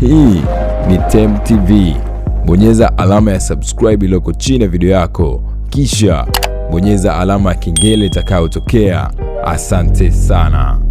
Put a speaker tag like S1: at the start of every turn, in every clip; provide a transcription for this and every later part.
S1: Hii ni Tem TV. Bonyeza alama ya subscribe iliyoko chini ya video yako, kisha bonyeza alama ya kengele itakayotokea. Asante sana.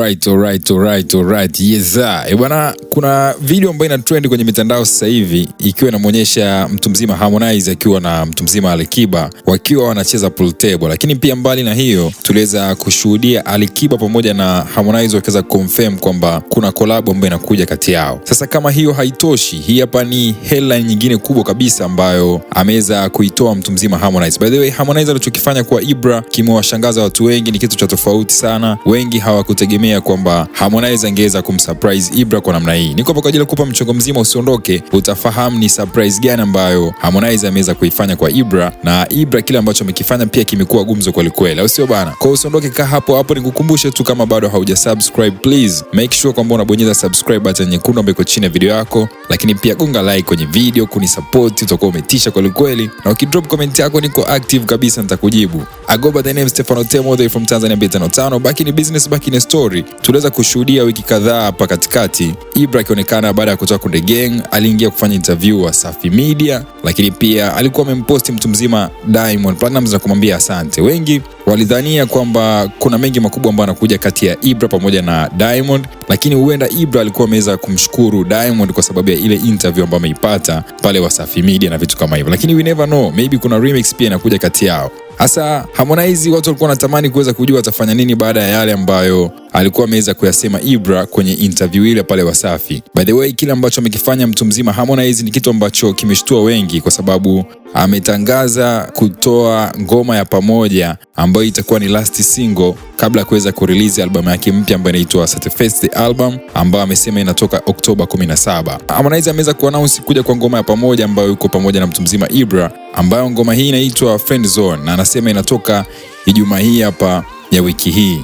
S2: Alright, alright, alright, alright. Yes, e bwana, kuna video ambayo ina trend kwenye mitandao sasa hivi ikiwa inamwonyesha mtu mzima Harmonize akiwa na mtu mzima Alikiba wakiwa wanacheza pool table, lakini pia mbali na hiyo tuliweza kushuhudia Alikiba pamoja na Harmonize wakiweza confirm kwamba kuna collab ambayo inakuja kati yao. Sasa kama hiyo haitoshi, hii hapa ni headline nyingine kubwa kabisa ambayo ameweza kuitoa mtu mzima Harmonize. By the way, Harmonize alichokifanya kwa Ibra kimewashangaza watu wengi, ni kitu cha tofauti sana, wengi hawakutegemea kutegemea kwamba Harmonize angeweza kumsurprise Ibra kwa namna hii. Niko hapa kwa ajili ya kukupa mchongo mzima, usiondoke, utafahamu ni surprise gani ambayo Harmonize ameweza kuifanya kwa Ibra, na Ibra kile ambacho amekifanya pia kimekuwa gumzo kwelikweli, au sio bana? Kwa usiondoke, kaa hapo hapo. Nikukumbushe tu kama bado hauja subscribe, please make sure kwamba unabonyeza subscribe button nyekundu ambayo iko chini ya video yako, lakini pia gonga like kwenye video kunisupport, utakuwa umetisha kwelikweli, na ukidrop comment yako niko active kabisa, nitakujibu. Agoba, the name Stefano Temo, from Tanzania 555, back in business, baki ni story. Madrid. Tuliweza kushuhudia wiki kadhaa hapa katikati Ibra akionekana baada ya kutoka Konde Gang, aliingia kufanya interview wa Safi Media, lakini pia alikuwa amemposti mtu mzima Diamond Platnumz na kumwambia asante. Wengi walidhania kwamba kuna mengi makubwa ambayo anakuja kati ya Ibra pamoja na Diamond, lakini huenda Ibra alikuwa ameweza kumshukuru Diamond kwa sababu ya ile interview ambayo ameipata pale Wasafi Media na vitu kama hivyo, lakini we never know, maybe kuna remix pia inakuja kati yao. Hasa Harmonize, watu walikuwa wanatamani kuweza kujua atafanya nini baada ya yale ambayo alikuwa ameweza kuyasema Ibra kwenye interview ile pale Wasafi. By the way, kile ambacho amekifanya mtu mzima Harmonize ni kitu ambacho kimeshtua wengi, kwa sababu ametangaza kutoa ngoma ya pamoja ambayo itakuwa ni last single kabla ya kuweza kurelease albamu yake mpya ambayo inaitwa Satisfied Album ambayo amesema inatoka Oktoba 17. Harmonize ameweza kuannounce kuja kwa ngoma ya pamoja ambayo yuko pamoja na mtu mzima Ibra, ambayo ngoma hii inaitwa Friend Zone na anasema inatoka Ijumaa hii hapa ya wiki hii.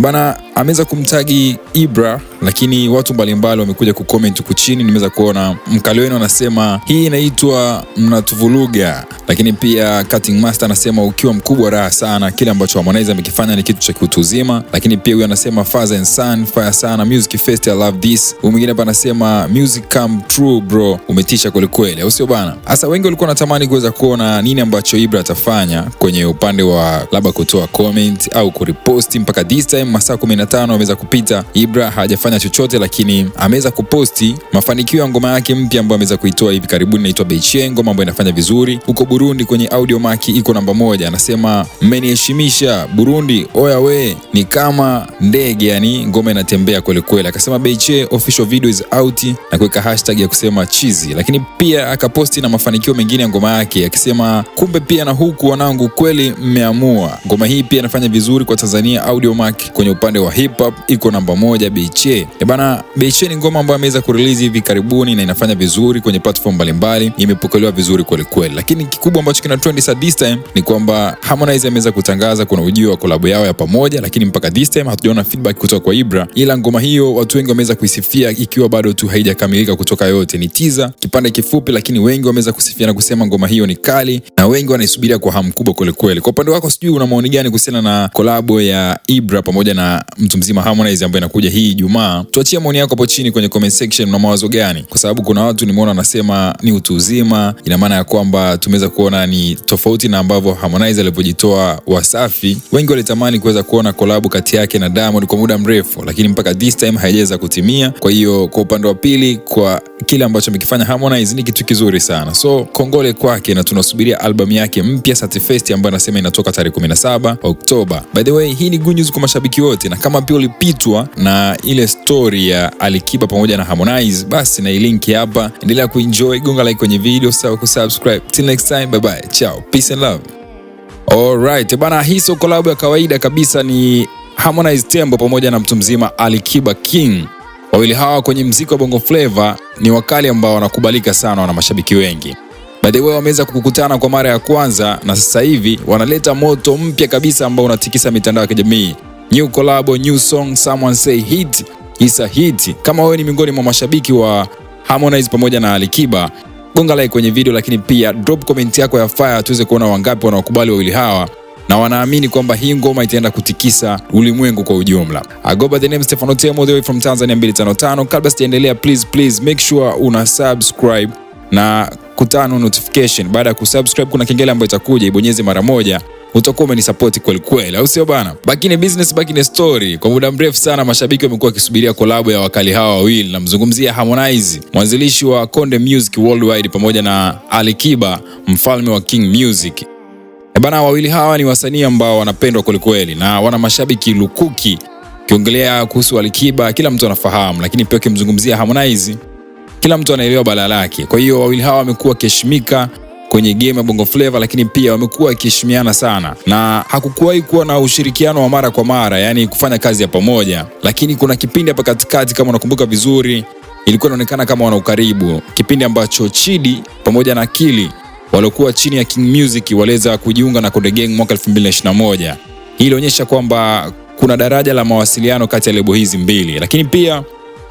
S2: Bana ameweza kumtagi Ibra lakini watu mbalimbali wamekuja kucomment huku chini. Nimeweza kuona mkali wenu anasema hii inaitwa mnatuvuluga lakini pia Cutting Master anasema ukiwa mkubwa raha sana, kile ambacho Harmonize amekifanya ni kitu cha kiutuzima. Lakini pia huyu anasema Father and Son fire sana, music fest, I love this. Huyu mwingine hapa anasema music come true bro, umetisha kwelikweli, au sio bana? Hasa wengi walikuwa wanatamani kuweza kuona nini ambacho Ibra atafanya kwenye upande wa labda kutoa comment au kuriposti. Mpaka this time masaa 15 ameweza kupita, Ibra hajafanya hajafanya chochote, lakini ameweza kuposti mafanikio ya ngoma yake mpya ambayo ameweza kuitoa hivi karibuni, inaitwa Beichengo, ngoma ambayo inafanya vizuri huko Burundi kwenye audio maki iko namba moja. Anasema mmeniheshimisha Burundi, oya we ni kama ndege, yani ngoma inatembea kweli kweli. Akasema Beiche official video is out na kuweka hashtag ya kusema chizi, lakini pia akaposti na mafanikio mengine ya ngoma yake akisema kumbe pia na huku wanangu, kweli mmeamua. Ngoma hii pia inafanya vizuri kwa Tanzania, audio mark kwenye upande wa hip hop iko namba moja Beiche. DJ. Eh bana, Beishe ni ngoma ambayo ameweza kurelease hivi karibuni na inafanya vizuri kwenye platform mbalimbali, imepokelewa vizuri kweli kweli, lakini kikubwa ambacho kina trend sa this time ni kwamba Harmonize ameweza kutangaza kuna ujio wa kolabo yao ya pamoja, lakini mpaka this time hatujaona feedback kutoka kwa Ibra, ila ngoma hiyo watu wengi wameweza kuisifia ikiwa bado tu haijakamilika kutoka yote. Ni teaser kipande kifupi, lakini wengi wameweza kusifia na kusema ngoma hiyo ni kali na wengi wanaisubiria kwa hamu kubwa kweli kweli. Kwa upande wako, sijui una maoni gani kuhusiana na kolabo ya Ibra pamoja na mtu mzima Harmonize ambayo inakuja hii Ijumaa? jamaa Tuachie maoni yako hapo chini kwenye comment section na mawazo gani, kwa sababu kuna watu nimeona wanasema ni utu uzima, ina maana ya kwamba tumeweza kuona ni tofauti na ambavyo Harmonize alivyojitoa Wasafi. Wengi walitamani kuweza kuona kolabu kati yake na Diamond kwa muda mrefu, lakini mpaka this time haijaweza kutimia. Kwa hiyo kwa upande wa pili, kwa kile ambacho amekifanya Harmonize ni kitu kizuri sana, so kongole kwake na tunasubiria albamu yake mpya Satifest ambayo anasema inatoka tarehe 17 Oktoba. By the way, hii ni good news kwa mashabiki wote, na kama pia ulipitwa na ile stori ya Alikiba pamoja na Harmonize, basi na ilinki hapa. Endelea kuenjoy, gonga like kwenye video, sawa kusubscribe. Till next time, bye bye, ciao, peace and love. Alright bana, hii sio collab ya kawaida kabisa, ni Harmonize Tembo pamoja na mtu mzima Alikiba King. Wawili hawa kwenye mziki wa Bongo Flava ni wakali ambao wanakubalika sana, wana mashabiki wengi. By the way, wameweza kukutana kwa mara ya kwanza na sasa hivi wanaleta moto mpya kabisa ambao unatikisa mitandao ya kijamii. New collab, new song, someone say hit. Isa Hit. Kama wewe ni miongoni mwa mashabiki wa Harmonize pamoja na Alikiba, gonga like kwenye video, lakini pia drop comment yako ya fire tuweze kuona wangapi wanaokubali wawili hawa na wanaamini kwamba hii ngoma itaenda kutikisa ulimwengu kwa ujumla. I go by the name Stefano Temo, the way from Tanzania 255. Kabla sijaendelea, please please make sure una subscribe na kutano notification. Baada ya kusubscribe, kuna kengele ambayo itakuja, ibonyeze mara moja utakuwa umenisapoti kweli kweli, au sio bana? bakini in business, stori story. Kwa muda mrefu sana mashabiki wamekuwa wakisubiria kolabu ya wakali hawa wawili, namzungumzia Harmonize, mwanzilishi wa Konde Music Worldwide, pamoja na alikiba mfalme wa King Music. E bana, wawili hawa ni wasanii ambao wanapendwa kwelikweli na wana mashabiki lukuki. Ukiongelea kuhusu Alikiba kila mtu anafahamu, lakini pia ukimzungumzia Harmonize kila mtu anaelewa balaa lake. Kwa hiyo wawili hawa wamekuwa wakiheshimika kwenye game ya Bongo Flava, lakini pia wamekuwa wakiheshimiana sana na hakukuwahi kuwa na ushirikiano wa mara kwa mara, yani kufanya kazi ya pamoja. Lakini kuna kipindi hapa katikati, kama unakumbuka vizuri, ilikuwa inaonekana kama wana ukaribu, kipindi ambacho Chidi pamoja na Akili waliokuwa chini ya King Music waliweza kujiunga na Konde Gang mwaka 2021. Hii ilionyesha kwamba kuna daraja la mawasiliano kati ya lebo hizi mbili, lakini pia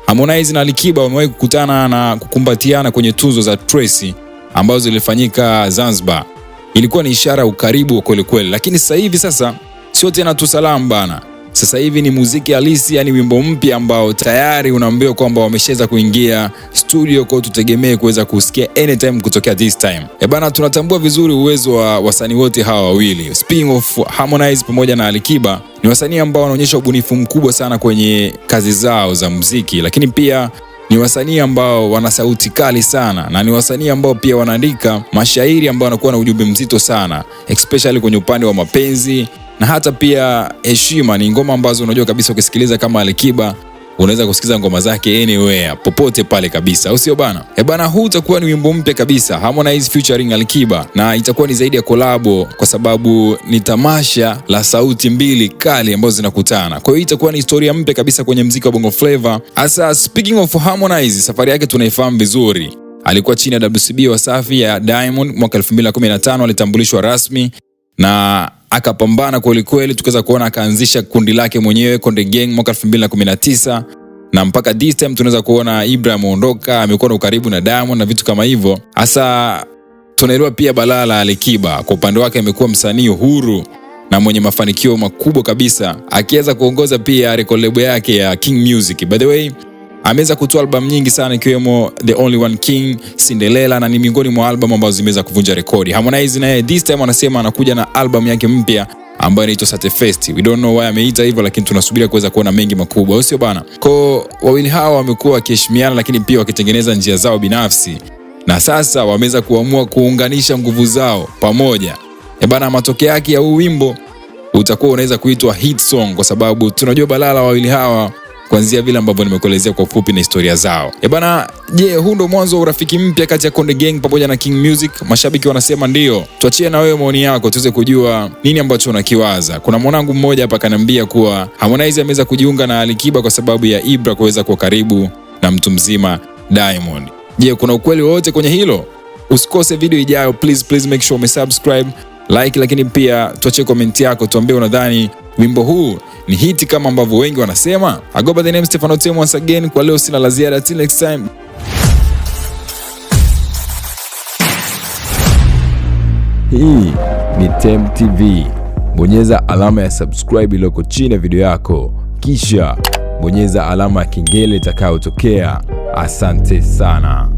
S2: Harmonize na Alikiba wamewahi kukutana na kukumbatiana kwenye tuzo za Trace ambazo zilifanyika Zanzibar. Ilikuwa ni ishara ya ukaribu wa kwelikweli, lakini sasa hivi sasa sio tena tu salamu bana. Sasa hivi ni muziki halisi, yani wimbo mpya ambao tayari unaambiwa kwamba wameshaweza kuingia studio, kwa tutegemee kuweza kusikia anytime kutokea this time. E bana, tunatambua vizuri uwezo wa wasanii wote hawa wawili, Speaking of Harmonize pamoja na Alikiba ni wasanii ambao wanaonyesha ubunifu mkubwa sana kwenye kazi zao za muziki, lakini pia ni wasanii ambao wana sauti kali sana na ni wasanii ambao pia wanaandika mashairi ambayo wanakuwa na ujumbe mzito sana especially kwenye upande wa mapenzi na hata pia heshima. Ni ngoma ambazo unajua kabisa ukisikiliza kama Alikiba unaweza kusikiza ngoma zake anywhere popote pale kabisa, au sio bana? E bana, huu utakuwa ni wimbo mpya kabisa Harmonize featuring alkiba na itakuwa ni zaidi ya kolabo, kwa sababu ni tamasha la sauti mbili kali ambazo zinakutana. Kwa hiyo itakuwa ni historia mpya kabisa kwenye mziki wa Bongo flavor Asa, speaking of Harmonize, safari yake tunaifahamu vizuri. Alikuwa chini ya WCB Wasafi ya Diamond mwaka 2015 alitambulishwa rasmi na akapambana kwelikweli, tukaweza kuona akaanzisha kundi lake mwenyewe Konde Gang mwaka 219 na mpaka this time tunaweza kuona Ibra ameondoka, amekuwa na ukaribu na damon na vitu kama hivyo. Hasa tunaelewa pia balaa la Alikiba kwa upande wake, amekuwa msanii huru na mwenye mafanikio makubwa kabisa, akiweza kuongoza pia rekolebo yake ya King Music. By the way ameweza kutoa albamu nyingi sana ikiwemo The Only One King, Cinderella na ni miongoni mwa albamu ambazo zimeweza kuvunja rekodi. Harmonize naye this time anasema anakuja na albamu yake mpya ambayo inaitwa Satirefest. We don't know why ameita hivyo, lakini tunasubiria kuweza kuona mengi makubwa, sio bana? Kwa wawili hawa wamekuwa wakiheshimiana, lakini pia wakitengeneza njia zao binafsi, na sasa wameweza kuamua kuunganisha nguvu zao pamoja. E bana, matokeo yake ya huu wimbo utakuwa unaweza kuitwa hit song, kwa sababu tunajua balala wawili hawa kuanzia vile ambavyo nimekuelezea kwa ufupi na historia zao. E bana, je, huu ndo mwanzo wa urafiki mpya kati ya Konde Gang pamoja na King Music? Mashabiki wanasema ndio. Tuachie na wewe maoni yako tuweze kujua nini ambacho unakiwaza. Kuna mwanangu mmoja hapa kaniambia kuwa Harmonize ameweza kujiunga na Alikiba kwa sababu ya Ibra kuweza kuwa karibu na mtu mzima Diamond. Je, kuna ukweli wowote kwenye hilo? Usikose video ijayo, please please make sure umesubscribe, like, lakini pia tuachie komenti yako, tuambie unadhani Wimbo huu ni hiti kama ambavyo wengi wanasema. agoba the name Stefano tem once again. Kwa leo sina la ziada, till next time.
S1: Hii ni tem TV. Bonyeza alama ya subscribe iliyoko chini ya video yako, kisha bonyeza alama ya kengele itakayotokea. Asante sana.